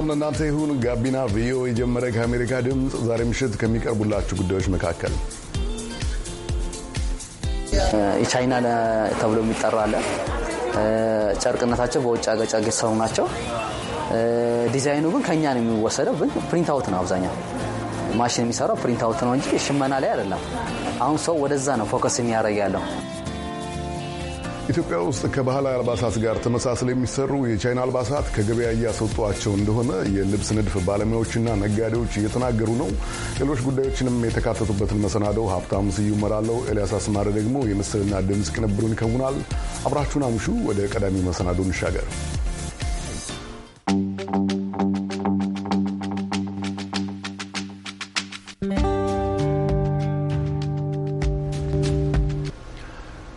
ሰላም ለእናንተ ይሁን። ጋቢና ቪኦኤ የጀመረ ከአሜሪካ ድምፅ ዛሬ ምሽት ከሚቀርቡላችሁ ጉዳዮች መካከል የቻይና ተብሎ የሚጠራ አለ። ጨርቅነታቸው በውጭ ሀገር ጨርቅ የተሰሩ ናቸው። ዲዛይኑ ግን ከኛ ነው የሚወሰደው። ግን ፕሪንት አውት ነው አብዛኛው ማሽን የሚሰራው ፕሪንት አውት ነው እንጂ ሽመና ላይ አይደለም። አሁን ሰው ወደዛ ነው ፎከስ የሚያደርግ ያለው። ኢትዮጵያ ውስጥ ከባህላዊ አልባሳት ጋር ተመሳስለው የሚሰሩ የቻይና አልባሳት ከገበያ እያስወጧቸው እንደሆነ የልብስ ንድፍ ባለሙያዎችና ነጋዴዎች እየተናገሩ ነው። ሌሎች ጉዳዮችንም የተካተቱበትን መሰናደው ሀብታሙ ስዩ መራለው፣ ኤልያስ አስማረ ደግሞ የምስልና ድምፅ ቅንብሩን ይከውናል። አብራችሁን አምሹ። ወደ ቀዳሚ መሰናዶ እንሻገር።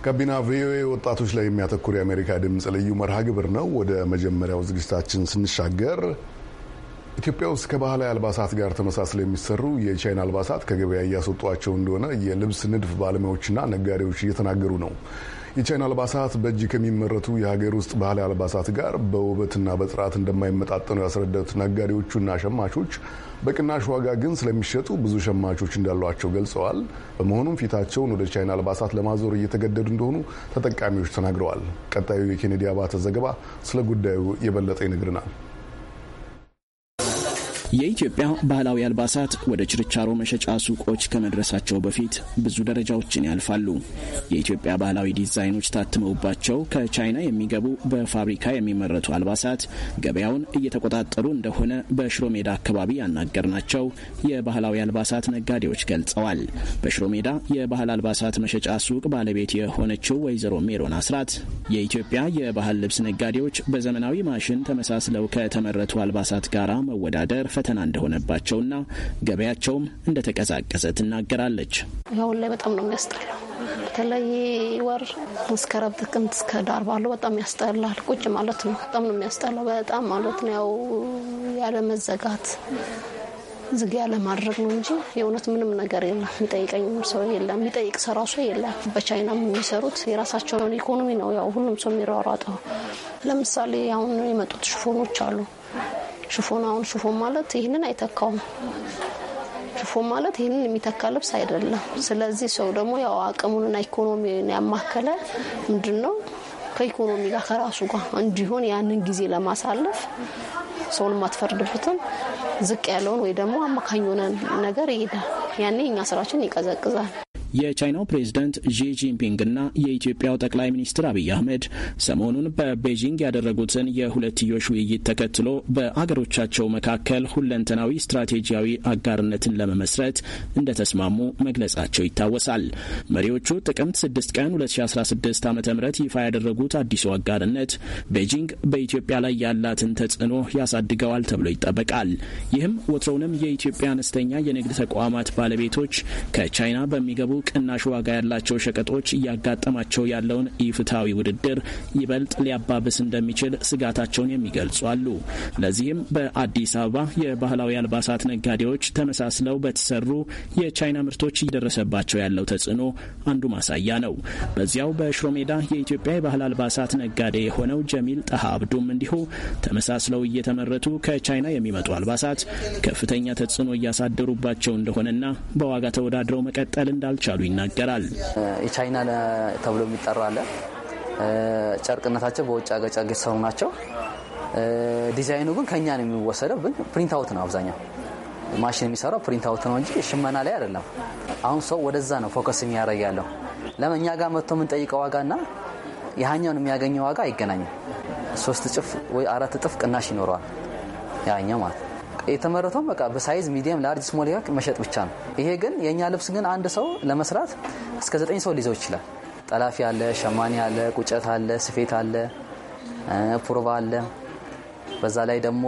ጋቢና ቪኦኤ ወጣቶች ላይ የሚያተኩር የአሜሪካ ድምፅ ልዩ መርሃ ግብር ነው። ወደ መጀመሪያው ዝግጅታችን ስንሻገር ኢትዮጵያ ውስጥ ከባህላዊ አልባሳት ጋር ተመሳስለው የሚሰሩ የቻይና አልባሳት ከገበያ እያስወጧቸው እንደሆነ የልብስ ንድፍ ባለሙያዎችና ነጋዴዎች እየተናገሩ ነው። የቻይና አልባሳት በእጅ ከሚመረቱ የሀገር ውስጥ ባህላዊ አልባሳት ጋር በውበትና በጥራት እንደማይመጣጠኑ ያስረዳት ነጋዴዎቹና ሸማቾች በቅናሽ ዋጋ ግን ስለሚሸጡ ብዙ ሸማቾች እንዳሏቸው ገልጸዋል። በመሆኑም ፊታቸውን ወደ ቻይና አልባሳት ለማዞር እየተገደዱ እንደሆኑ ተጠቃሚዎች ተናግረዋል። ቀጣዩ የኬኔዲ አባተ ዘገባ ስለ ጉዳዩ የበለጠ ይነግረናል። የኢትዮጵያ ባህላዊ አልባሳት ወደ ችርቻሮ መሸጫ ሱቆች ከመድረሳቸው በፊት ብዙ ደረጃዎችን ያልፋሉ። የኢትዮጵያ ባህላዊ ዲዛይኖች ታትመውባቸው ከቻይና የሚገቡ በፋብሪካ የሚመረቱ አልባሳት ገበያውን እየተቆጣጠሩ እንደሆነ በሽሮ ሜዳ አካባቢ ያናገርናቸው የባህላዊ አልባሳት ነጋዴዎች ገልጸዋል። በሽሮ ሜዳ የባህል አልባሳት መሸጫ ሱቅ ባለቤት የሆነችው ወይዘሮ ሜሮን አስራት የኢትዮጵያ የባህል ልብስ ነጋዴዎች በዘመናዊ ማሽን ተመሳስለው ከተመረቱ አልባሳት ጋራ መወዳደር ፈተና እንደሆነባቸውና ገበያቸውም እንደተቀዛቀዘ ትናገራለች። አሁን ላይ በጣም ነው የሚያስጠላው። በተለይ ወር መስከረም፣ ጥቅምት እስከ ዳር ባለው በጣም ያስጠላል። ቁጭ ማለት ነው። በጣም ነው የሚያስጠላው። በጣም ማለት ነው ያው ያለ መዘጋት ዝግ ያለ ማድረግ ነው እንጂ የእውነት ምንም ነገር የለም። የሚጠይቀኝ ሰው የለም። የሚጠይቅ ሰው ራሱ የለም። በቻይና የሚሰሩት የራሳቸውን ኢኮኖሚ ነው ያው ሁሉም ሰው የሚሯሯጠው። ለምሳሌ አሁን የመጡት ሽፎኖች አሉ ሽፎን አሁን ሽፎን ማለት ይህንን አይተካውም። ሽፎን ማለት ይህንን የሚተካ ልብስ አይደለም። ስለዚህ ሰው ደግሞ ያው አቅሙንና ኢኮኖሚን ያማከለ ምንድን ነው ከኢኮኖሚ ጋር ከራሱ ጋር እንዲሆን ያንን ጊዜ ለማሳለፍ ሰውን የማትፈርድበትን ዝቅ ያለውን ወይ ደግሞ አማካኝ የሆነ ነገር ይሄዳል። ያኔ እኛ ስራችን ይቀዘቅዛል። የቻይናው ፕሬዝደንት ዢ ጂንፒንግ እና የኢትዮጵያው ጠቅላይ ሚኒስትር አብይ አህመድ ሰሞኑን በቤጂንግ ያደረጉትን የሁለትዮሽ ውይይት ተከትሎ በአገሮቻቸው መካከል ሁለንተናዊ ስትራቴጂያዊ አጋርነትን ለመመስረት እንደተስማሙ መግለጻቸው ይታወሳል። መሪዎቹ ጥቅምት 6 ቀን 2016 ዓ ም ይፋ ያደረጉት አዲሱ አጋርነት ቤጂንግ በኢትዮጵያ ላይ ያላትን ተጽዕኖ ያሳድገዋል ተብሎ ይጠበቃል። ይህም ወትሮውንም የኢትዮጵያ አነስተኛ የንግድ ተቋማት ባለቤቶች ከቻይና በሚገቡ ቅናሽ ዋጋ ያላቸው ሸቀጦች እያጋጠማቸው ያለውን ኢፍትሐዊ ውድድር ይበልጥ ሊያባብስ እንደሚችል ስጋታቸውን የሚገልጹ አሉ። ለዚህም በአዲስ አበባ የባህላዊ አልባሳት ነጋዴዎች ተመሳስለው በተሰሩ የቻይና ምርቶች እየደረሰባቸው ያለው ተጽዕኖ አንዱ ማሳያ ነው። በዚያው በሽሮ ሜዳ የኢትዮጵያ የባህል አልባሳት ነጋዴ የሆነው ጀሚል ጠሃ አብዱም እንዲሁ ተመሳስለው እየተመረቱ ከቻይና የሚመጡ አልባሳት ከፍተኛ ተጽዕኖ እያሳደሩባቸው እንደሆነና በዋጋ ተወዳድረው መቀጠል እንዳልቻሉ እንዳልቻሉ ይናገራል። የቻይና ተብሎ የሚጠራ አለ። ጨርቅነታቸው በውጭ ሀገር ጨርቅ የተሰሩ ናቸው። ዲዛይኑ ግን ከኛ ነው የሚወሰደው። ግን ፕሪንት አውት ነው አብዛኛው ማሽን የሚሰራው ፕሪንት አውት ነው እንጂ ሽመና ላይ አይደለም። አሁን ሰው ወደዛ ነው ፎከስ የሚያደርግ ያለው። ለምን እኛ ጋር መጥቶ የምንጠይቀው ዋጋና ያኛውን የሚያገኘው ዋጋ አይገናኝም። ሶስት እጥፍ ወይ አራት እጥፍ ቅናሽ ይኖረዋል ያኛው ማለት ነው። የተመረተው በቃ በሳይዝ ሚዲየም፣ ላርጅ፣ ስሞል መሸጥ ብቻ ነው። ይሄ ግን የእኛ ልብስ ግን አንድ ሰው ለመስራት እስከ ዘጠኝ ሰው ሊይዘው ይችላል። ጠላፊ አለ፣ ሸማኔ አለ፣ ቁጨት አለ፣ ስፌት አለ፣ ፕሮባ አለ፣ በዛ ላይ ደግሞ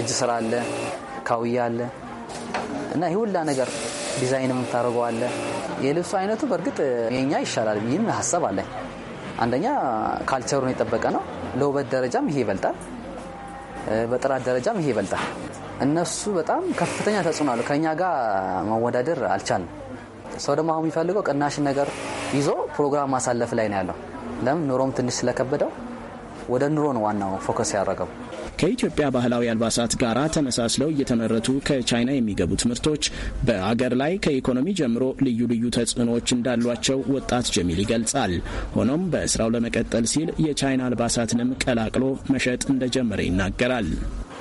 እጅ ስራ አለ፣ ካውያ አለ እና ይህ ሁላ ነገር ዲዛይን የምታደርገው አለ። የልብሱ አይነቱ በእርግጥ የኛ ይሻላል ብዬም ሀሳብ አለ። አንደኛ ካልቸሩን የጠበቀ ነው። ለውበት ደረጃም ይሄ ይበልጣል። በጥራት ደረጃም ይሄ ይበልጣል። እነሱ በጣም ከፍተኛ ተጽዕኖ አሉ። ከእኛ ጋር መወዳደር አልቻልም። ሰው ደግሞ አሁን የሚፈልገው ቅናሽ ነገር ይዞ ፕሮግራም ማሳለፍ ላይ ነው ያለው። ለምን ኑሮም ትንሽ ስለከበደው ወደ ኑሮ ነው ዋናው ፎከስ ያደረገው። ከኢትዮጵያ ባህላዊ አልባሳት ጋር ተመሳስለው እየተመረቱ ከቻይና የሚገቡት ምርቶች በአገር ላይ ከኢኮኖሚ ጀምሮ ልዩ ልዩ ተጽዕኖዎች እንዳሏቸው ወጣት ጀሚል ይገልጻል። ሆኖም በስራው ለመቀጠል ሲል የቻይና አልባሳትንም ቀላቅሎ መሸጥ እንደጀመረ ይናገራል።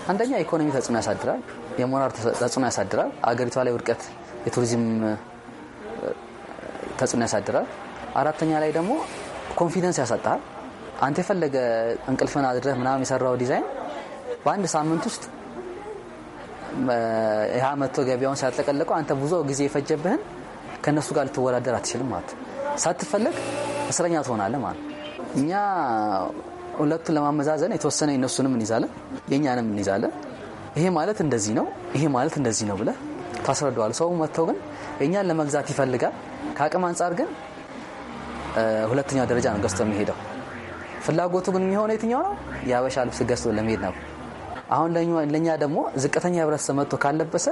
አንደኛ ኢኮኖሚ ተጽዕኖ ያሳድራል፣ የሞራል ተጽዕኖ ያሳድራል፣ አገሪቷ ላይ ውድቀት፣ የቱሪዝም ተጽዕኖ ያሳድራል። አራተኛ ላይ ደግሞ ኮንፊደንስ ያሳጣል። አንተ የፈለገ እንቅልፍን አድረህ ምናምን የሰራው ዲዛይን በአንድ ሳምንት ውስጥ ያ መጥቶ ገበያውን ሲያጠቀለቀው አንተ ብዙ ጊዜ የፈጀብህን ከእነሱ ጋር ልትወዳደር አትችልም ማለት ሳትፈለግ እስረኛ ትሆናለህ ማለት እኛ ሁለቱን ለማመዛዘን የተወሰነ የነሱንም እንይዛለን የእኛንም እንይዛለን። ይሄ ማለት እንደዚህ ነው፣ ይሄ ማለት እንደዚህ ነው ብለ ታስረደዋል። ሰው መጥተው ግን እኛን ለመግዛት ይፈልጋል። ከአቅም አንጻር ግን ሁለተኛው ደረጃ ነው ገዝቶ የሚሄደው። ፍላጎቱ ግን የሚሆነው የትኛው ነው? የሀበሻ ልብስ ገዝቶ ለመሄድ ነው። አሁን ለእኛ ደግሞ ዝቅተኛ ህብረተሰብ መጥቶ ካለበሰ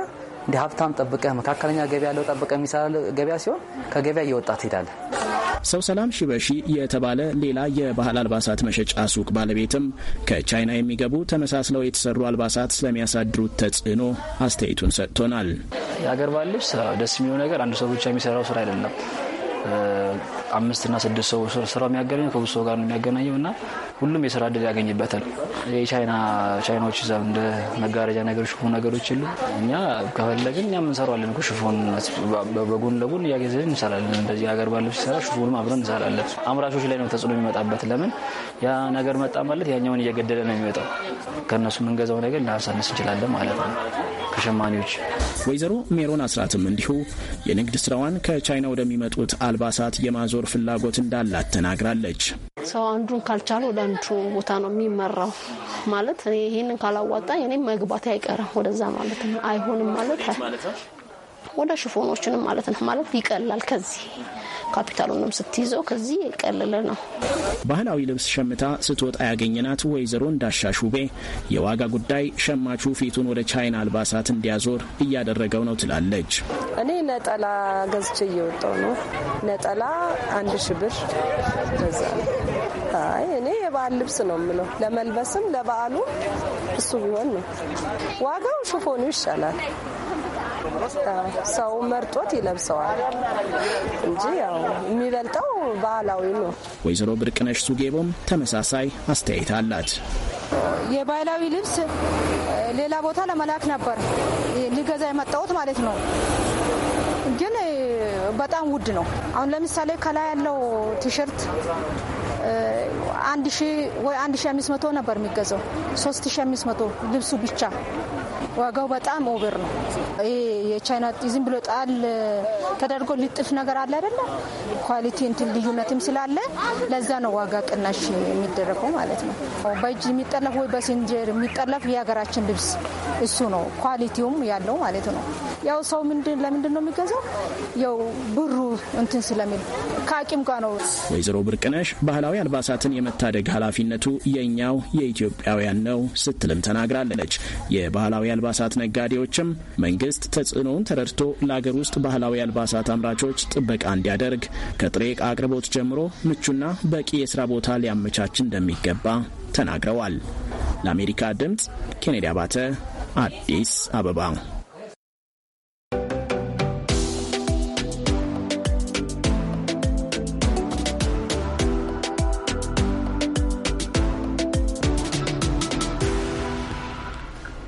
እንደ ሀብታም ጠብቀህ መካከለኛ ገበያ ያለው ጠብቀህ የሚሰራ ገበያ ሲሆን ከገበያ እየወጣ ትሄዳለህ። ሰው ሰላም ሽበሺ የተባለ ሌላ የባህል አልባሳት መሸጫ ሱቅ ባለቤትም ከቻይና የሚገቡ ተመሳስለው የተሰሩ አልባሳት ስለሚያሳድሩት ተጽዕኖ አስተያየቱን ሰጥቶናል። የሀገር ባህል ልብስ ደስ የሚሆ ነገር አንድ ሰው ብቻ የሚሰራው ስራ አይደለም። አምስትና ስድስት ሰው ስራው የሚያገናኘው ከብዙ ሰው ጋር ነው የሚያገናኘው እና ሁሉም የስራ እድል ያገኝበታል። የቻይና ቻይናዎች ዛ እንደ መጋረጃ ነገር ሽፉን ነገሮች ሉ እኛ ከፈለግን እኛም እንሰራዋለን እኮ ሽፉን በጎን ለጎን እያገዘን እንሰራለን። እንደዚህ ሀገር ባለው ሲሰራ ሽፉንም አብረን እንሰራለን። አምራቾች ላይ ነው ተጽዕኖ የሚመጣበት። ለምን ያ ነገር መጣ ማለት ያኛውን እየገደለ ነው የሚመጣው። ከእነሱ የምንገዛው ነገር ልናሳንስ እንችላለን ማለት ነው ከሸማኔዎች ወይዘሮ ሜሮን አስራትም እንዲሁ የንግድ ስራዋን ከቻይና ወደሚመጡት አልባሳት የማዞር ፍላጎት እንዳላት ተናግራለች። ሰው አንዱን ካልቻለ ወደ አንዱ ቦታ ነው የሚመራው። ማለት ይህንን ካላዋጣ እኔም መግባት አይቀርም ወደዛ ማለት ነው። አይሆንም ማለት ወደ ሽፎኖችንም ማለት ነው ማለት ይቀላል ከዚህ ካፒታሉንም ስትይዘው ከዚህ የቀለለ ነው። ባህላዊ ልብስ ሸምታ ስትወጣ ያገኘናት ወይዘሮ እንዳሻሹቤ የዋጋ ጉዳይ ሸማቹ ፊቱን ወደ ቻይና አልባሳት እንዲያዞር እያደረገው ነው ትላለች። እኔ ነጠላ ገዝቼ እየወጣው ነው። ነጠላ አንድ ሺ ብር ነው። አይ እኔ የበዓል ልብስ ነው የምለው ለመልበስም ለበዓሉ እሱ ቢሆን ነው። ዋጋው ሽፎኑ ይሻላል። ሰው መርጦት ይለብሰዋል እንጂ ያው የሚበልጠው ባህላዊ ነው። ወይዘሮ ብርቅነሽ ሱጌቦም ተመሳሳይ አስተያየት አላት። የባህላዊ ልብስ ሌላ ቦታ ለመላክ ነበር ሊገዛ የመጣሁት ማለት ነው ግን በጣም ውድ ነው። አሁን ለምሳሌ ከላይ ያለው ቲሸርት አንድ ሺ ወይ አንድ ሺ አምስት መቶ ነበር የሚገዛው ሶስት ሺ አምስት መቶ ልብሱ ብቻ ዋጋው በጣም ኦቨር ነው። የቻይና ዝም ብሎ ጣል ተደርጎ ሊጥፍ ነገር አለ አይደለ? ኳሊቲ እንትን ልዩነትም ስላለ ለዛ ነው ዋጋ ቅናሽ የሚደረገው ማለት ነው። በእጅ የሚጠለፍ ወይ በሲንጀር የሚጠለፍ የሀገራችን ልብስ እሱ ነው ኳሊቲውም ያለው ማለት ነው። ያው ሰው ለምንድን ነው የሚገዛው? ያው ብሩ እንትን ስለሚል ከአቂም ጋር ነው። ወይዘሮ ብርቅነሽ ባህላዊ አልባሳትን የመታደግ ኃላፊነቱ የእኛው የኢትዮጵያውያን ነው ስትልም ተናግራለች። የባህላዊ አልባሳት ነጋዴዎችም መንግስት መንግስት ተጽዕኖውን ተረድቶ ለአገር ውስጥ ባህላዊ አልባሳት አምራቾች ጥበቃ እንዲያደርግ ከጥሬ ዕቃ አቅርቦት ጀምሮ ምቹና በቂ የስራ ቦታ ሊያመቻች እንደሚገባ ተናግረዋል። ለአሜሪካ ድምፅ ኬኔዲ አባተ አዲስ አበባ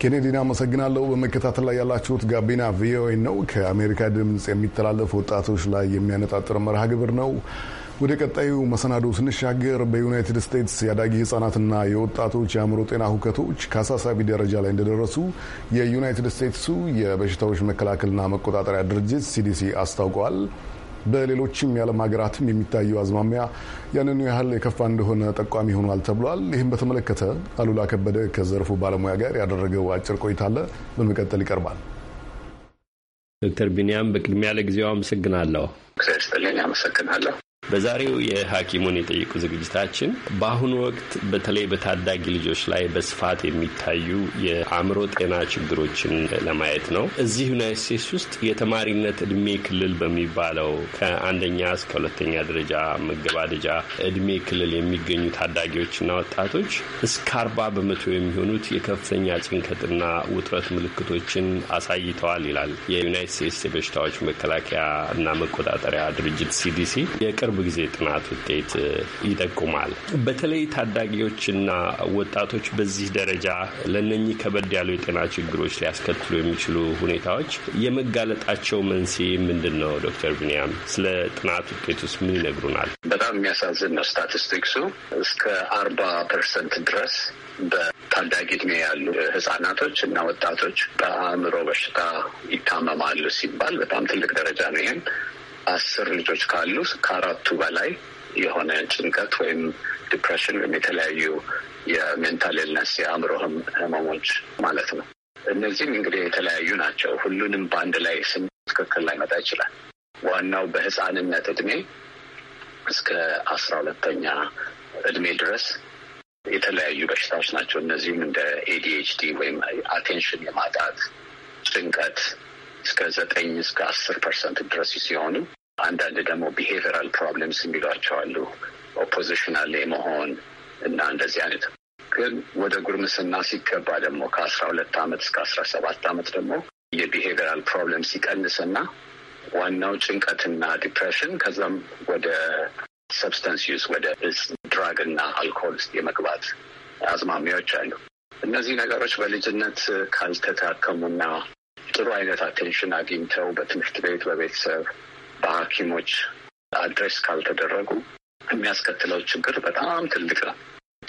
ኬኔዲን አመሰግናለሁ። በመከታተል ላይ ያላችሁት ጋቢና ቪኦኤ ነው፣ ከአሜሪካ ድምፅ የሚተላለፍ ወጣቶች ላይ የሚያነጣጥር መርሃ ግብር ነው። ወደ ቀጣዩ መሰናዶ ስንሻገር በዩናይትድ ስቴትስ ያዳጊ ህጻናትና የወጣቶች የአእምሮ ጤና ሁከቶች ከአሳሳቢ ደረጃ ላይ እንደደረሱ የዩናይትድ ስቴትሱ የበሽታዎች መከላከልና መቆጣጠሪያ ድርጅት ሲዲሲ አስታውቋል። በሌሎችም የዓለም ሀገራትም የሚታየው አዝማሚያ ያንኑ ያህል የከፋ እንደሆነ ጠቋሚ ሆኗል ተብሏል። ይህም በተመለከተ አሉላ ከበደ ከዘርፉ ባለሙያ ጋር ያደረገው አጭር ቆይታ አለ፣ በመቀጠል ይቀርባል። ዶክተር ቢንያም በቅድሚያ ለጊዜው አመሰግናለሁ። ክስጥልኝ አመሰግናለሁ። በዛሬው የሐኪሙን የጠይቁ ዝግጅታችን በአሁኑ ወቅት በተለይ በታዳጊ ልጆች ላይ በስፋት የሚታዩ የአእምሮ ጤና ችግሮችን ለማየት ነው። እዚህ ዩናይት ስቴትስ ውስጥ የተማሪነት እድሜ ክልል በሚባለው ከአንደኛ እስከ ሁለተኛ ደረጃ መገባደጃ እድሜ ክልል የሚገኙ ታዳጊዎችና ወጣቶች እስከ አርባ በመቶ የሚሆኑት የከፍተኛ ጭንቀትና ውጥረት ምልክቶችን አሳይተዋል ይላል የዩናይት ስቴትስ የበሽታዎች መከላከያ እና መቆጣጠሪያ ድርጅት ሲዲሲ የቅርብ ጊዜ ጥናት ውጤት ይጠቁማል። በተለይ ታዳጊዎችና ወጣቶች በዚህ ደረጃ ለነኚህ ከበድ ያሉ የጤና ችግሮች ሊያስከትሉ የሚችሉ ሁኔታዎች የመጋለጣቸው መንስኤ ምንድን ነው? ዶክተር ቢንያም ስለ ጥናት ውጤት ውስጥ ምን ይነግሩናል? በጣም የሚያሳዝን ነው። ስታቲስቲክሱ እስከ አርባ ፐርሰንት ድረስ በታዳጊ እድሜ ያሉ ህጻናቶች እና ወጣቶች በአእምሮ በሽታ ይታመማሉ ሲባል በጣም ትልቅ ደረጃ ነው። ይህም አስር ልጆች ካሉ ከአራቱ በላይ የሆነ ጭንቀት ወይም ዲፕሬሽን ወይም የተለያዩ የሜንታል ኢልነስ የአእምሮ ህመሞች ማለት ነው። እነዚህም እንግዲህ የተለያዩ ናቸው። ሁሉንም በአንድ ላይ ስም ትክክል ላይመጣ ይችላል። ዋናው በህፃንነት እድሜ እስከ አስራ ሁለተኛ እድሜ ድረስ የተለያዩ በሽታዎች ናቸው። እነዚህም እንደ ኤዲኤችዲ ወይም አቴንሽን የማጣት ጭንቀት እስከ ዘጠኝ እስከ አስር ፐርሰንት ድረስ ሲሆኑ አንዳንድ ደግሞ ቢሄቨራል ፕሮብለምስ የሚሏቸው ኦፖዚሽን ኦፖዚሽናል የመሆን እና እንደዚህ አይነት ግን ወደ ጉርምስና ሲገባ ደግሞ ከአስራ ሁለት ዓመት እስከ አስራ ሰባት ዓመት ደግሞ የቢሄቨራል ፕሮብለም ሲቀንስና ዋናው ጭንቀትና ዲፕሬሽን ከዛም ወደ ሰብስተንስ ዩስ ወደ ድራግ እና አልኮል የመግባት አዝማሚያዎች አሉ። እነዚህ ነገሮች በልጅነት ካልተታከሙና ጥሩ አይነት አቴንሽን አግኝተው በትምህርት ቤት፣ በቤተሰብ፣ በሐኪሞች አድሬስ ካልተደረጉ የሚያስከትለው ችግር በጣም ትልቅ ነው።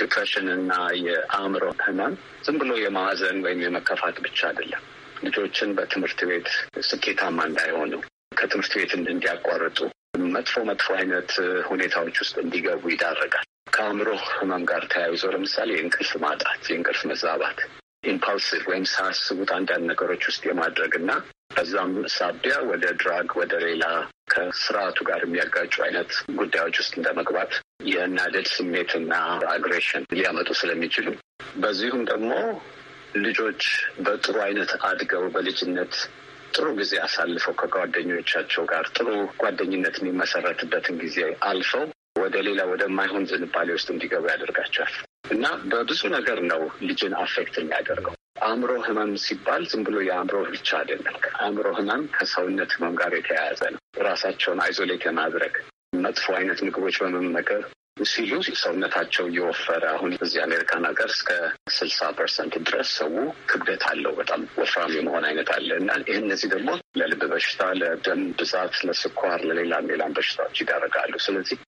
ዲፕሬሽን እና የአእምሮ ህመም ዝም ብሎ የማዘን ወይም የመከፋት ብቻ አይደለም። ልጆችን በትምህርት ቤት ስኬታማ እንዳይሆኑ ከትምህርት ቤት እንዲያቋርጡ መጥፎ መጥፎ አይነት ሁኔታዎች ውስጥ እንዲገቡ ይዳረጋል። ከአእምሮ ህመም ጋር ተያይዞ ለምሳሌ የእንቅልፍ ማጣት፣ የእንቅልፍ መዛባት ኢምፐልሲቭ ወይም ሳያስቡት አንዳንድ ነገሮች ውስጥ የማድረግ እና በዛም ሳቢያ ወደ ድራግ ወደ ሌላ ከስርዓቱ ጋር የሚያጋጩ አይነት ጉዳዮች ውስጥ እንደመግባት የናደድ ስሜትና አግሬሽን ሊያመጡ ስለሚችሉ በዚሁም ደግሞ ልጆች በጥሩ አይነት አድገው በልጅነት ጥሩ ጊዜ አሳልፈው ከጓደኞቻቸው ጋር ጥሩ ጓደኝነት የሚመሰረትበትን ጊዜ አልፈው ወደ ሌላ ወደማይሆን ዝንባሌ ውስጥ እንዲገቡ ያደርጋቸዋል። እና በብዙ ነገር ነው ልጅን አፌክት የሚያደርገው። አእምሮ ህመም ሲባል ዝም ብሎ የአእምሮ ብቻ አይደለም። አእምሮ ህመም ከሰውነት ህመም ጋር የተያያዘ ነው። ራሳቸውን አይዞሌት የማድረግ መጥፎ አይነት ምግቦች በመመገብ ሲሉ ሰውነታቸው እየወፈረ አሁን እዚህ አሜሪካን ሀገር እስከ ስልሳ ፐርሰንት ድረስ ሰው ክብደት አለው። በጣም ወፍራም የመሆን አይነት አለ እና ይህ እነዚህ ደግሞ ለልብ በሽታ፣ ለደም ብዛት፣ ለስኳር፣ ለሌላም ሌላም በሽታዎች ይዳረጋሉ። ስለዚህ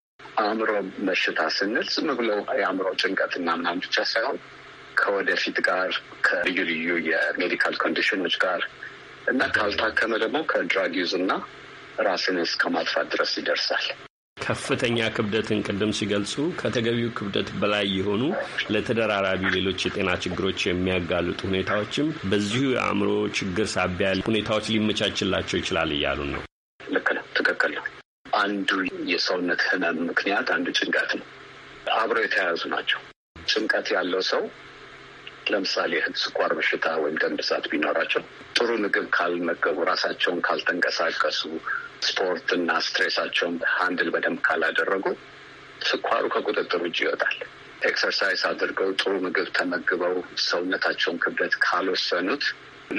አእምሮ በሽታ ስንል ዝም ብሎ የአእምሮ ጭንቀትና ምናምን ብቻ ሳይሆን ከወደፊት ጋር ከልዩ ልዩ የሜዲካል ኮንዲሽኖች ጋር እና ካልታከመ ደግሞ ከድራግ ዩዝ እና ራስን እስከ ማጥፋት ድረስ ይደርሳል። ከፍተኛ ክብደትን ቅድም ሲገልጹ ከተገቢው ክብደት በላይ የሆኑ ለተደራራቢ ሌሎች የጤና ችግሮች የሚያጋልጡ ሁኔታዎችም በዚሁ የአእምሮ ችግር ሳቢያ ሁኔታዎች ሊመቻችላቸው ይችላል እያሉን ነው። ልክ አንዱ የሰውነት ህመም ምክንያት አንዱ ጭንቀት ነው። አብረው የተያያዙ ናቸው። ጭንቀት ያለው ሰው ለምሳሌ ስኳር በሽታ ወይም ደም ብዛት ቢኖራቸው ጥሩ ምግብ ካልመገቡ፣ ራሳቸውን ካልተንቀሳቀሱ፣ ስፖርት እና ስትሬሳቸውን ሀንድል በደንብ ካላደረጉ ስኳሩ ከቁጥጥር ውጭ ይወጣል። ኤክሰርሳይዝ አድርገው ጥሩ ምግብ ተመግበው ሰውነታቸውን ክብደት ካልወሰኑት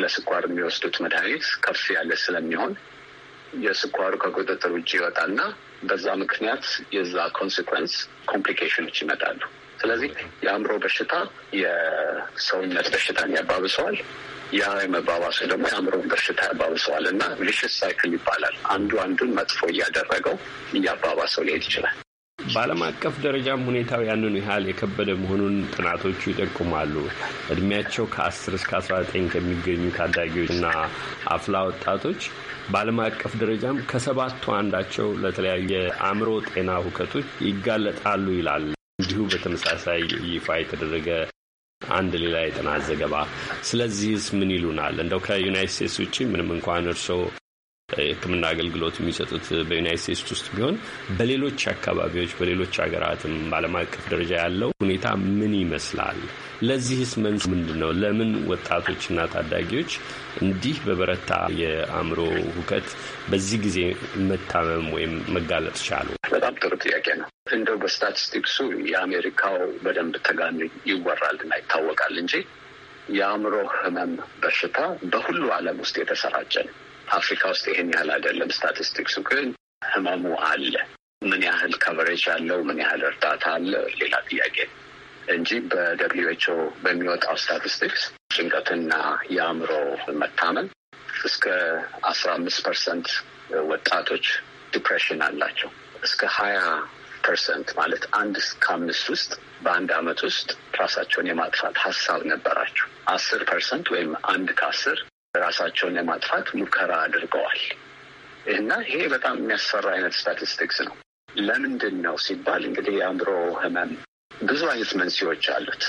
ለስኳር የሚወስዱት መድኃኒት ከፍ ያለ ስለሚሆን የስኳሩ ከቁጥጥር ውጭ ይወጣና በዛ ምክንያት የዛ ኮንሲኩንስ ኮምፕሊኬሽኖች ይመጣሉ። ስለዚህ የአእምሮ በሽታ የሰውነት በሽታን ያባብሰዋል። ያ የመባባሱ ደግሞ የአእምሮን በሽታ ያባብሰዋል እና ቪሽስ ሳይክል ይባላል። አንዱ አንዱን መጥፎ እያደረገው እያባባሰው ሊሄድ ይችላል። በዓለም አቀፍ ደረጃም ሁኔታው ያንን ያህል የከበደ መሆኑን ጥናቶቹ ይጠቁማሉ። እድሜያቸው ከ10 እስከ 19 ከሚገኙ ታዳጊዎችና አፍላ ወጣቶች በዓለም አቀፍ ደረጃም ከሰባቱ አንዳቸው ለተለያዩ የአእምሮ ጤና ሁከቶች ይጋለጣሉ ይላል እንዲሁ በተመሳሳይ ይፋ የተደረገ አንድ ሌላ የጥናት ዘገባ። ስለዚህስ ምን ይሉናል? እንደው ከዩናይት ስቴትስ ውጭ ምንም እንኳን እርስዎ የሕክምና አገልግሎት የሚሰጡት በዩናይት ስቴትስ ውስጥ ቢሆን በሌሎች አካባቢዎች በሌሎች ሀገራትም በዓለም አቀፍ ደረጃ ያለው ሁኔታ ምን ይመስላል? ለዚህስ መንስ ምንድን ነው? ለምን ወጣቶችና ታዳጊዎች እንዲህ በበረታ የአእምሮ ሁከት በዚህ ጊዜ መታመም ወይም መጋለጥ ቻሉ? በጣም ጥሩ ጥያቄ ነው። እንደው በስታቲስቲክሱ የአሜሪካው በደንብ ተጋሚ ይወራልና ይታወቃል እንጂ የአእምሮ ህመም በሽታ በሁሉ ዓለም ውስጥ የተሰራጨ ነው። አፍሪካ ውስጥ ይሄን ያህል አይደለም። ስታቲስቲክሱ ግን ህመሙ አለ። ምን ያህል ከቨሬጅ አለው፣ ምን ያህል እርዳታ አለ፣ ሌላ ጥያቄ እንጂ በደብሊው ኤች ኦ በሚወጣው ስታቲስቲክስ ጭንቀትና የአእምሮ መታመን እስከ አስራ አምስት ፐርሰንት ወጣቶች ዲፕሬሽን አላቸው። እስከ ሀያ ፐርሰንት ማለት አንድ አምስት ውስጥ በአንድ አመት ውስጥ ራሳቸውን የማጥፋት ሀሳብ ነበራቸው። አስር ፐርሰንት ወይም አንድ ከአስር ራሳቸውን ለማጥፋት ሙከራ አድርገዋል እና ይሄ በጣም የሚያሰራ አይነት ስታቲስቲክስ ነው። ለምንድን ነው ሲባል እንግዲህ የአእምሮ ህመም ብዙ አይነት መንስኤዎች አሉት።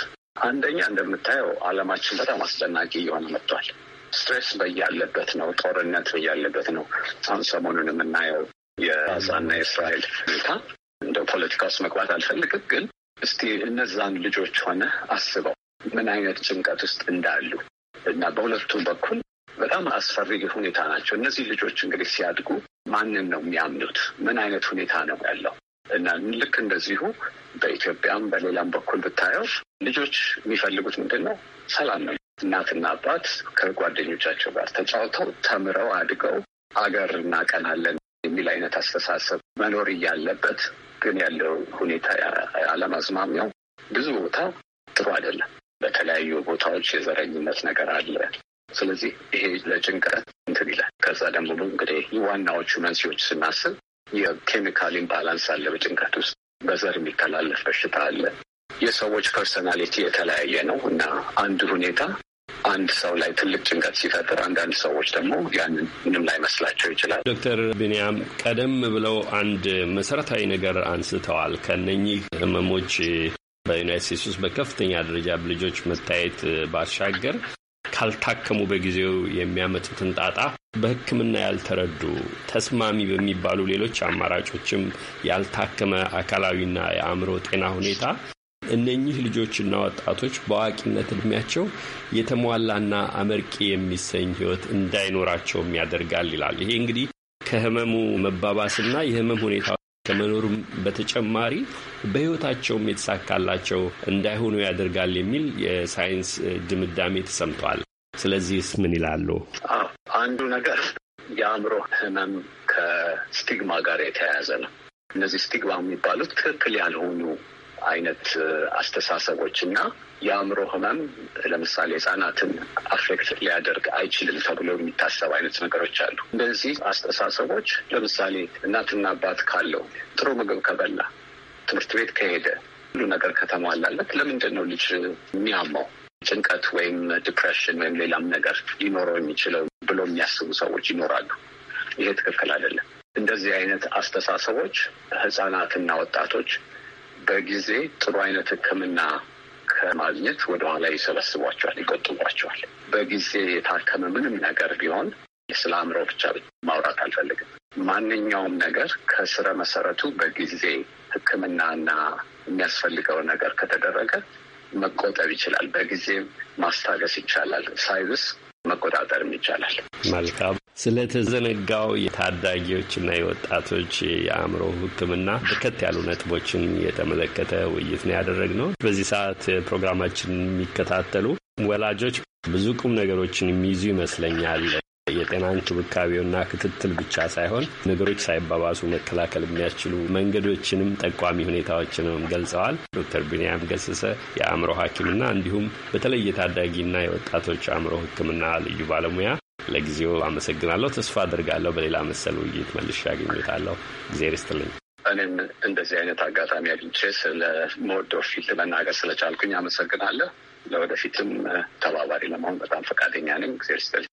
አንደኛ እንደምታየው አለማችን በጣም አስደናቂ እየሆነ መጥቷል። ስትሬስ በያለበት ነው፣ ጦርነት በያለበት ነው። አሁን ሰሞኑን የምናየው የጋዛና የእስራኤል ሁኔታ እንደ ፖለቲካ ውስጥ መግባት አልፈልግም፣ ግን እስቲ እነዛን ልጆች ሆነ አስበው ምን አይነት ጭንቀት ውስጥ እንዳሉ እና በሁለቱም በኩል በጣም አስፈሪ ሁኔታ ናቸው። እነዚህ ልጆች እንግዲህ ሲያድጉ ማንን ነው የሚያምኑት? ምን አይነት ሁኔታ ነው ያለው? እና ልክ እንደዚሁ በኢትዮጵያም በሌላም በኩል ብታየው ልጆች የሚፈልጉት ምንድን ነው? ሰላም ነው። እናትና አባት ከጓደኞቻቸው ጋር ተጫውተው ተምረው አድገው አገር እናቀናለን የሚል አይነት አስተሳሰብ መኖር እያለበት ግን ያለው ሁኔታ አለማዝማሚያው ብዙ ቦታ ጥሩ አይደለም። በተለያዩ ቦታዎች የዘረኝነት ነገር አለ። ስለዚህ ይሄ ለጭንቀት እንትን ይላል። ከዛ ደግሞ እንግዲህ ዋናዎቹ መንስኤዎች ስናስብ የኬሚካል ኢምባላንስ አለ በጭንቀት ውስጥ በዘር የሚተላለፍ በሽታ አለ። የሰዎች ፐርሰናሊቲ የተለያየ ነው እና አንድ ሁኔታ አንድ ሰው ላይ ትልቅ ጭንቀት ሲፈጥር አንዳንድ ሰዎች ደግሞ ያንን ምንም ላይ መስላቸው ይችላል። ዶክተር ቢንያም ቀደም ብለው አንድ መሰረታዊ ነገር አንስተዋል። ከነኚህ ህመሞች በዩናይት ስቴትስ ውስጥ በከፍተኛ ደረጃ ልጆች መታየት ባሻገር ካልታከሙ በጊዜው የሚያመጡትን ጣጣ በሕክምና ያልተረዱ ተስማሚ በሚባሉ ሌሎች አማራጮችም ያልታከመ አካላዊና የአእምሮ ጤና ሁኔታ እነኚህ ልጆችና ወጣቶች በአዋቂነት እድሜያቸው የተሟላና አመርቂ የሚሰኝ ህይወት እንዳይኖራቸውም ያደርጋል ይላል። ይሄ እንግዲህ ከህመሙ መባባስና የህመም ሁኔታ ከመኖሩም በተጨማሪ በሕይወታቸውም የተሳካላቸው እንዳይሆኑ ያደርጋል የሚል የሳይንስ ድምዳሜ ተሰምቷል። ስለዚህስ ምን ይላሉ? አንዱ ነገር የአእምሮ ህመም ከስቲግማ ጋር የተያያዘ ነው። እነዚህ ስቲግማ የሚባሉት ትክክል ያልሆኑ አይነት አስተሳሰቦች እና የአእምሮ ህመም ለምሳሌ ህጻናትን አፌክት ሊያደርግ አይችልም ተብሎ የሚታሰብ አይነት ነገሮች አሉ። እንደዚህ አስተሳሰቦች ለምሳሌ እናትና አባት ካለው፣ ጥሩ ምግብ ከበላ፣ ትምህርት ቤት ከሄደ፣ ሁሉ ነገር ከተሟላለት ለምንድን ነው ልጅ የሚያማው? ጭንቀት ወይም ዲፕሬሽን ወይም ሌላም ነገር ሊኖረው የሚችለው ብሎ የሚያስቡ ሰዎች ይኖራሉ። ይሄ ትክክል አይደለም። እንደዚህ አይነት አስተሳሰቦች ህጻናትና ወጣቶች በጊዜ ጥሩ አይነት ሕክምና ከማግኘት ወደኋላ ይሰበስቧቸዋል፣ ይቆጥቧቸዋል። በጊዜ የታከመ ምንም ነገር ቢሆን ስለ አእምሮ ብቻ ማውራት አልፈልግም። ማንኛውም ነገር ከስረ መሰረቱ በጊዜ ሕክምናና የሚያስፈልገው ነገር ከተደረገ መቆጠብ ይችላል። በጊዜ ማስታገስ ይቻላል። ሳይብስ መቆጣጠርም ይቻላል። መልካም። ስለተዘነጋው የታዳጊዎችና የወጣቶች የአእምሮ ሕክምና በርከት ያሉ ነጥቦችን የተመለከተ ውይይት ነው ያደረግነው። በዚህ ሰዓት ፕሮግራማችን የሚከታተሉ ወላጆች ብዙ ቁም ነገሮችን የሚይዙ ይመስለኛል። የጤና እንክብካቤውና ክትትል ብቻ ሳይሆን ነገሮች ሳይባባሱ መከላከል የሚያስችሉ መንገዶችንም ጠቋሚ ሁኔታዎችንም ገልጸዋል። ዶክተር ቢንያም ገሰሰ የአእምሮ ሐኪምና እንዲሁም በተለይ ታዳጊና የወጣቶች አእምሮ ሕክምና ልዩ ባለሙያ ለጊዜው አመሰግናለሁ። ተስፋ አድርጋለሁ በሌላ መሰል ውይይት መልሼ አግኝዎታለሁ። እግዜር ይስጥልኝ። እኔም እንደዚህ አይነት አጋጣሚ አግኝቼ ስለ መወደው ፊልድ መናገር ስለቻልኩኝ አመሰግናለሁ። ለወደፊትም ተባባሪ ለመሆን በጣም ፈቃደኛ ነኝ። እግዜር ይስጥልኝ።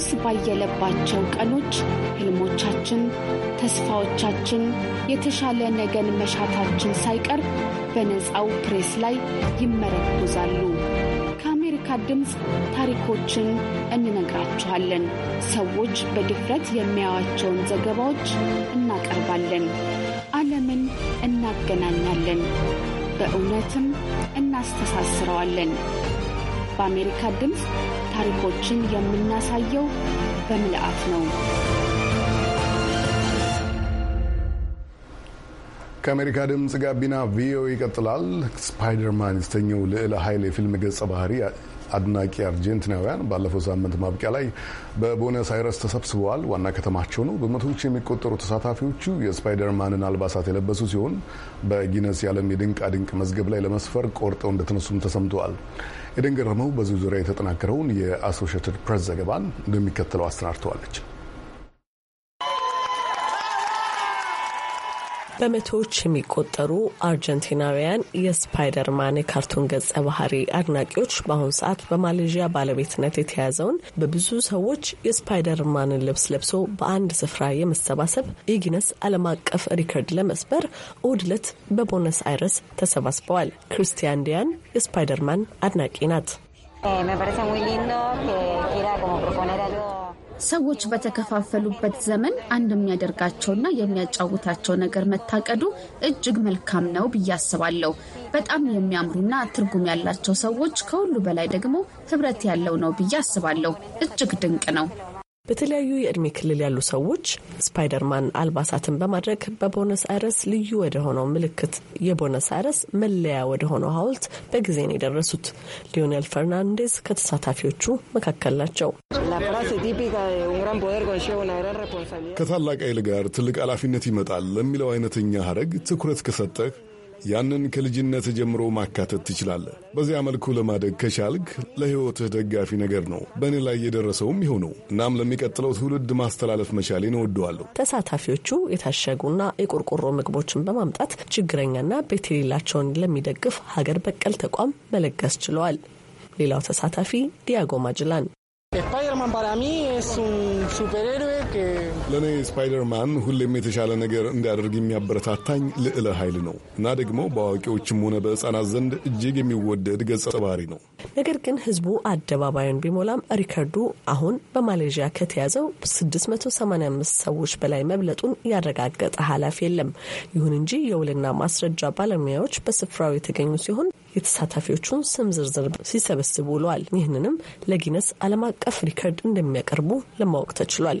ፈውስ ባየለባቸው ቀኖች ህልሞቻችን፣ ተስፋዎቻችን፣ የተሻለ ነገን መሻታችን ሳይቀር በነፃው ፕሬስ ላይ ይመረኮዛሉ። ከአሜሪካ ድምፅ ታሪኮችን እንነግራችኋለን። ሰዎች በድፍረት የሚያያቸውን ዘገባዎች እናቀርባለን። ዓለምን እናገናኛለን፣ በእውነትም እናስተሳስረዋለን። በአሜሪካ ድምፅ ታሪኮችን የምናሳየው በምልአት ነው። ከአሜሪካ ድምፅ ጋቢና ቪኦኤ ይቀጥላል። ስፓይደርማን የተሰኘው ልዕለ ኃይል የፊልም ገጸ ባህሪ አድናቂ አርጀንቲናውያን ባለፈው ሳምንት ማብቂያ ላይ በቦነስ አይረስ ተሰብስበዋል። ዋና ከተማቸው ነው። በመቶዎች የሚቆጠሩ ተሳታፊዎቹ የስፓይደርማንን አልባሳት የለበሱ ሲሆን በጊነስ የዓለም የድንቃ ድንቅ መዝገብ ላይ ለመስፈር ቆርጠው እንደተነሱም ተሰምተዋል። የደንገረመው ገረመው ዙሪያ የተጠናከረውን የአሶሽትድ ፕሬስ ዘገባን እንደሚከተለው አሰናድተዋለች። በመቶዎች የሚቆጠሩ አርጀንቲናውያን የስፓይደርማን የካርቱን ገጸ ባህሪ አድናቂዎች በአሁኑ ሰዓት በማሌዥያ ባለቤትነት የተያዘውን በብዙ ሰዎች የስፓይደርማንን ልብስ ለብሶ በአንድ ስፍራ የመሰባሰብ የጊነስ ዓለም አቀፍ ሪከርድ ለመስበር እሁድ ዕለት በቦነስ አይረስ ተሰባስበዋል። ክርስቲያን ዲያን የስፓይደርማን አድናቂ ናት። eh, ሰዎች በተከፋፈሉበት ዘመን አንድ የሚያደርጋቸውና የሚያጫውታቸው ነገር መታቀዱ እጅግ መልካም ነው ብዬ አስባለሁ። በጣም የሚያምሩና ትርጉም ያላቸው ሰዎች ከሁሉ በላይ ደግሞ ህብረት ያለው ነው ብዬ አስባለሁ። እጅግ ድንቅ ነው። በተለያዩ የእድሜ ክልል ያሉ ሰዎች ስፓይደርማን አልባሳትን በማድረግ በቦነስ አይረስ ልዩ ወደ ሆነው ምልክት የቦነስ አይረስ መለያ ሆነው ሐውልት በጊዜ ነው የደረሱት። ሊዮኔል ፈርናንዴዝ ከተሳታፊዎቹ መካከል ናቸው። ከታላቅ ኃይል ጋር ትልቅ ኃላፊነት ይመጣል ለሚለው አይነተኛ ሀረግ ትኩረት ከሰጠህ ያንን ከልጅነት ጀምሮ ማካተት ትችላለህ። በዚያ መልኩ ለማደግ ከቻልክ ለሕይወትህ ደጋፊ ነገር ነው። በእኔ ላይ የደረሰውም ይኸው ነው። እናም ለሚቀጥለው ትውልድ ማስተላለፍ መቻሌን እወደዋለሁ። ተሳታፊዎቹ የታሸጉና የቆርቆሮ ምግቦችን በማምጣት ችግረኛና ቤት የሌላቸውን ለሚደግፍ ሀገር በቀል ተቋም መለገስ ችለዋል። ሌላው ተሳታፊ ዲያጎ ማጅላን ስፓይደርማን ባላሚ እሱን ሱፐርሄሮ ለእኔ ስፓይደርማን ሁሌም የተሻለ ነገር እንዲያደርግ የሚያበረታታኝ ልዕለ ኃይል ነው እና ደግሞ በአዋቂዎችም ሆነ በህፃናት ዘንድ እጅግ የሚወደድ ገጸ ባህሪ ነው። ነገር ግን ህዝቡ አደባባዩን ቢሞላም ሪከርዱ አሁን በማሌዥያ ከተያዘው 685 ሰዎች በላይ መብለጡን ያረጋገጠ ኃላፊ የለም። ይሁን እንጂ የውልና ማስረጃ ባለሙያዎች በስፍራው የተገኙ ሲሆን የተሳታፊዎቹን ስም ዝርዝር ሲሰበስቡ ውለዋል። ይህንንም ለጊነስ ዓለም አቀፍ ሪከርድ እንደሚያቀርቡ ለማወቅ ተችሏል።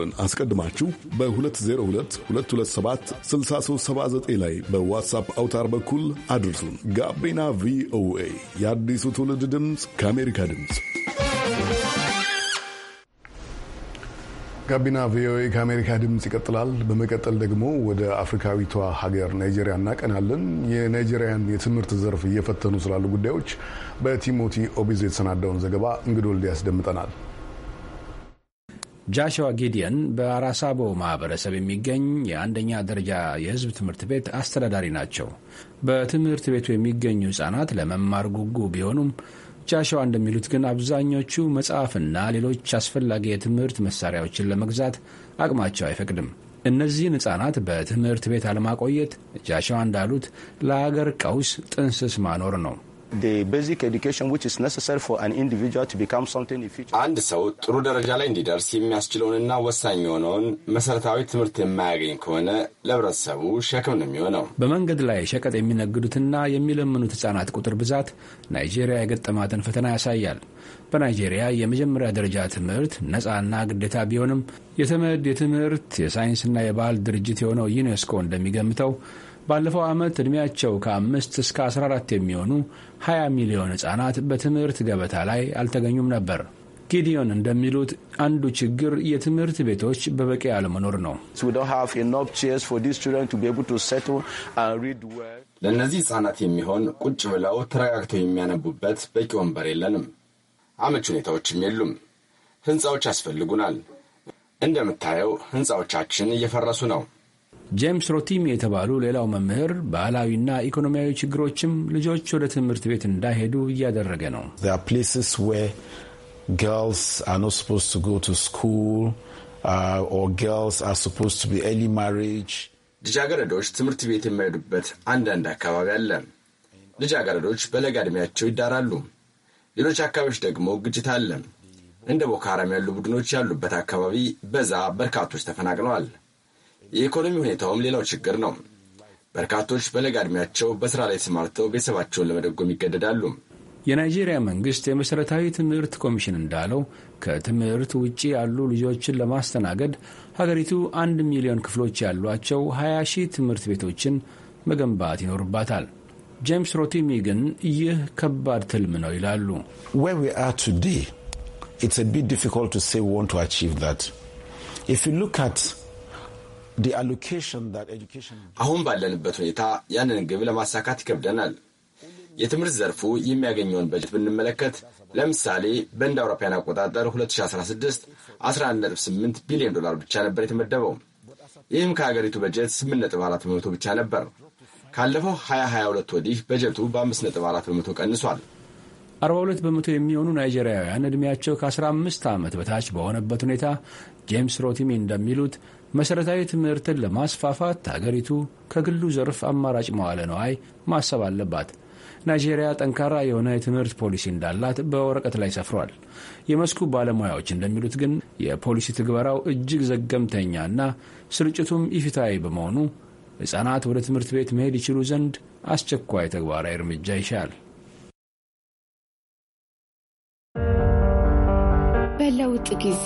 ቁጥርን አስቀድማችሁ በ 6379 ላይ በዋትሳፕ አውታር በኩል አድርሱን። ጋቢና ቪኦኤ የአዲሱ ትውልድ ድምፅ ከአሜሪካ ድምፅ ጋቢና ቪኦኤ ከአሜሪካ ድምፅ ይቀጥላል። በመቀጠል ደግሞ ወደ አፍሪካዊቷ ሀገር ናይጄሪያ እናቀናለን። የናይጄሪያን የትምህርት ዘርፍ እየፈተኑ ስላሉ ጉዳዮች በቲሞቲ ኦቢዝ የተሰናዳውን ዘገባ እንግዶ ወልድ ያስደምጠናል። ጃሽዋ ጊዲየን በአራሳቦ ማህበረሰብ የሚገኝ የአንደኛ ደረጃ የህዝብ ትምህርት ቤት አስተዳዳሪ ናቸው። በትምህርት ቤቱ የሚገኙ ህጻናት ለመማር ጉጉ ቢሆኑም ጃሽዋ እንደሚሉት ግን አብዛኞቹ መጽሐፍና ሌሎች አስፈላጊ የትምህርት መሳሪያዎችን ለመግዛት አቅማቸው አይፈቅድም። እነዚህን ህጻናት በትምህርት ቤት አለማቆየት ጃሽዋ እንዳሉት ለአገር ቀውስ ጥንስስ ማኖር ነው። አንድ ሰው ጥሩ ደረጃ ላይ እንዲደርስ የሚያስችለውንና ወሳኝ የሆነውን መሰረታዊ ትምህርት የማያገኝ ከሆነ ለህብረተሰቡ ሸክም ነው የሚሆነው። በመንገድ ላይ ሸቀጥ የሚነግዱትና የሚለምኑት ህጻናት ቁጥር ብዛት ናይጄሪያ የገጠማትን ፈተና ያሳያል። በናይጄሪያ የመጀመሪያ ደረጃ ትምህርት ነፃና ግዴታ ቢሆንም የተመድ የትምህርት የሳይንስና የባህል ድርጅት የሆነው ዩኔስኮ እንደሚገምተው ባለፈው ዓመት ዕድሜያቸው ከአምስት እስከ 14 የሚሆኑ 20 ሚሊዮን ሕፃናት በትምህርት ገበታ ላይ አልተገኙም ነበር። ጊዲዮን እንደሚሉት አንዱ ችግር የትምህርት ቤቶች በበቂ አለመኖር ነው። ለእነዚህ ሕፃናት የሚሆን ቁጭ ብለው ተረጋግተው የሚያነቡበት በቂ ወንበር የለንም። አመች ሁኔታዎችም የሉም። ሕንፃዎች ያስፈልጉናል። እንደምታየው ሕንፃዎቻችን እየፈረሱ ነው። ጄምስ ሮቲም የተባሉ ሌላው መምህር ባህላዊና ኢኮኖሚያዊ ችግሮችም ልጆች ወደ ትምህርት ቤት እንዳይሄዱ እያደረገ ነው። uh, ልጃገረዶች ትምህርት ቤት የማይሄዱበት አንዳንድ አካባቢ አለ። ልጃገረዶች በለጋ ዕድሜያቸው ይዳራሉ። ሌሎች አካባቢዎች ደግሞ ግጭት አለ። እንደ ቦኮ ሃራም ያሉ ቡድኖች ያሉበት አካባቢ በዛ በርካቶች ተፈናቅለዋል። የኢኮኖሚ ሁኔታውም ሌላው ችግር ነው። በርካቶች በለጋ ዕድሜያቸው በሥራ ላይ ተሰማርተው ቤተሰባቸውን ለመደጎም ይገደዳሉ። የናይጄሪያ መንግሥት የመሠረታዊ ትምህርት ኮሚሽን እንዳለው ከትምህርት ውጪ ያሉ ልጆችን ለማስተናገድ ሀገሪቱ አንድ ሚሊዮን ክፍሎች ያሏቸው 20 ሺህ ትምህርት ቤቶችን መገንባት ይኖርባታል። ጄምስ ሮቲሚ ግን ይህ ከባድ ትልም ነው ይላሉ። ዌር ዊ አሁን ባለንበት ሁኔታ ያንን ግብ ለማሳካት ይከብደናል። የትምህርት ዘርፉ የሚያገኘውን በጀት ብንመለከት ለምሳሌ በእንደ አውሮፓውያን አቆጣጠር 2016 11.8 ቢሊዮን ዶላር ብቻ ነበር የተመደበው። ይህም ከሀገሪቱ በጀት 8.4 በመቶ ብቻ ነበር። ካለፈው 2022 ወዲህ በጀቱ በ5.4 በመቶ ቀንሷል። 42 በመቶ የሚሆኑ ናይጄሪያውያን ዕድሜያቸው ከ15 ዓመት በታች በሆነበት ሁኔታ ጄምስ ሮቲሚ እንደሚሉት መሠረታዊ ትምህርትን ለማስፋፋት ሀገሪቱ ከግሉ ዘርፍ አማራጭ መዋለ ነዋይ ማሰብ አለባት። ናይጄሪያ ጠንካራ የሆነ የትምህርት ፖሊሲ እንዳላት በወረቀት ላይ ሰፍሯል። የመስኩ ባለሙያዎች እንደሚሉት ግን የፖሊሲ ትግበራው እጅግ ዘገምተኛ እና ስርጭቱም ኢፍትሐዊ በመሆኑ ሕፃናት ወደ ትምህርት ቤት መሄድ ይችሉ ዘንድ አስቸኳይ ተግባራዊ እርምጃ ይሻል። በለውጥ ጊዜ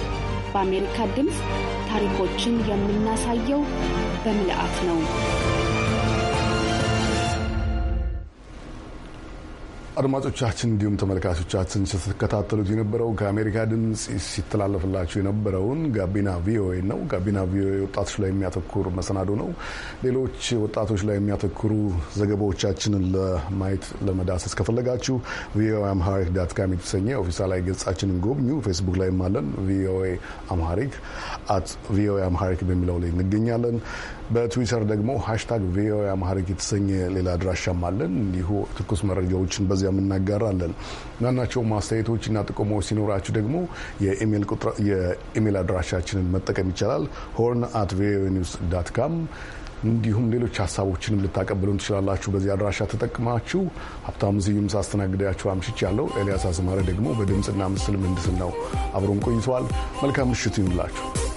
በአሜሪካ ድምፅ ታሪኮችን የምናሳየው በምልአት ነው። አድማጮቻችን እንዲሁም ተመልካቾቻችን ስትከታተሉት የነበረው ከአሜሪካ ድምፅ ሲተላለፍላችሁ የነበረውን ጋቢና ቪኦኤ ነው። ጋቢና ቪኦኤ ወጣቶች ላይ የሚያተኩር መሰናዶ ነው። ሌሎች ወጣቶች ላይ የሚያተኩሩ ዘገባዎቻችንን ለማየት ለመዳሰስ ከፈለጋችሁ ቪኦኤ አምሃሪክ ዳት ካም የተሰኘ ኦፊሳላዊ ገጻችንን ጎብኙ። ፌስቡክ ላይም አለን። ቪኦኤ አምሃሪክ አት ቪኦኤ አምሃሪክ በሚለው ላይ እንገኛለን። በትዊተር ደግሞ ሀሽታግ ቪኦኤ አማሪክ የተሰኘ ሌላ አድራሻም አለን። እንዲሁ ትኩስ መረጃዎችን በዚያ የምናጋራለን። ማናቸውም አስተያየቶችና ጥቆማዎች ሲኖራችሁ ደግሞ የኢሜል አድራሻችንን መጠቀም ይቻላል። ሆርን አት ቪኦኤ ኒውስ ዳት ካም እንዲሁም ሌሎች ሀሳቦችንም ልታቀብሉን ትችላላችሁ። በዚህ አድራሻ ተጠቅማችሁ ሀብታም ስዩም ሳስተናግዳችሁ አምሽች ያለው ኤልያስ አስማረ ደግሞ በድምፅና ምስል ምህንድስና ነው አብሮን ቆይተዋል። መልካም ምሽት ይሁንላችሁ።